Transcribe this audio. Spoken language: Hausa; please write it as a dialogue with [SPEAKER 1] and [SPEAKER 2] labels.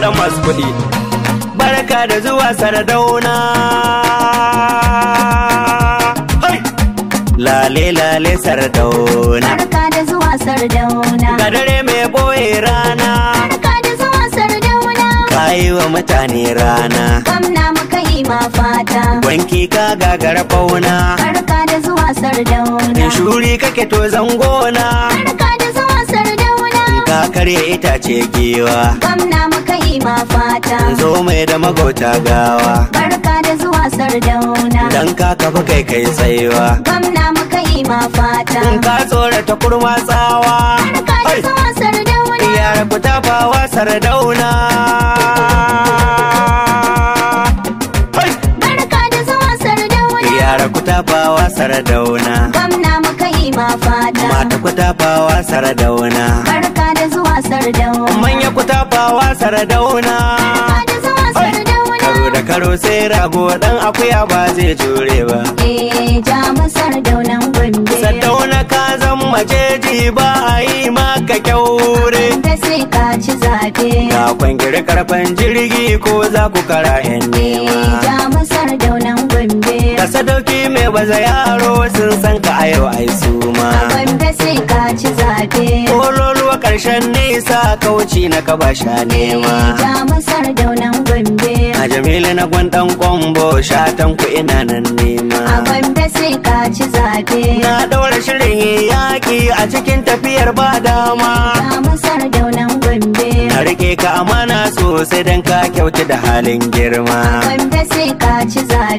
[SPEAKER 1] da masu kuɗi barka da zuwa sardauna lale lale sardauna
[SPEAKER 2] barka da zuwa sardauna ga dare mai boye rana barka da zuwa sardauna
[SPEAKER 1] yi wa mutane rana
[SPEAKER 2] Kamna muka yi ma fata
[SPEAKER 1] wanki ka gagara fauna.
[SPEAKER 2] barka da zuwa sardauna shuri
[SPEAKER 1] kake to zango kare ita ce giwa
[SPEAKER 2] gwamna muka yi ma fata
[SPEAKER 1] zo mai da magota gawa
[SPEAKER 2] barka da zuwa sardauna
[SPEAKER 1] dan ka kafa kai kai tsaiwa gwamna muka yi ma fata in ka tsora ta kurma tsawa barka da zuwa sardauna yara ku tafawa sardauna yara ku tafawa saradauna.
[SPEAKER 2] Gwamna muka yi ma fata.
[SPEAKER 1] Mata ku tafawa saradauna. sardauna karo da karo sai rago dan akuya ba zai jure ba
[SPEAKER 2] eh ja sardauna ka zan majeji ba a yi maka kyaure sai ka ka
[SPEAKER 1] kwangiri karfan jirgi ko za ku kara eh ja ka sadauki mai baza yaro sun san ka a yau ai su ma
[SPEAKER 2] gombe sai ka
[SPEAKER 1] karshen sa kauci na kaba sha nema
[SPEAKER 2] jamusar daunan gombe a
[SPEAKER 1] jamilu na gwandan kwambo shatan ku ina nan nema a gombe
[SPEAKER 2] sai ka ci zabe na daura shirin yi yaki a cikin tafiyar ba dama jamusar daunan gombe na rike
[SPEAKER 1] ka amana sosai don ka kyauta da halin girma a
[SPEAKER 2] gombe sai ka ci zabe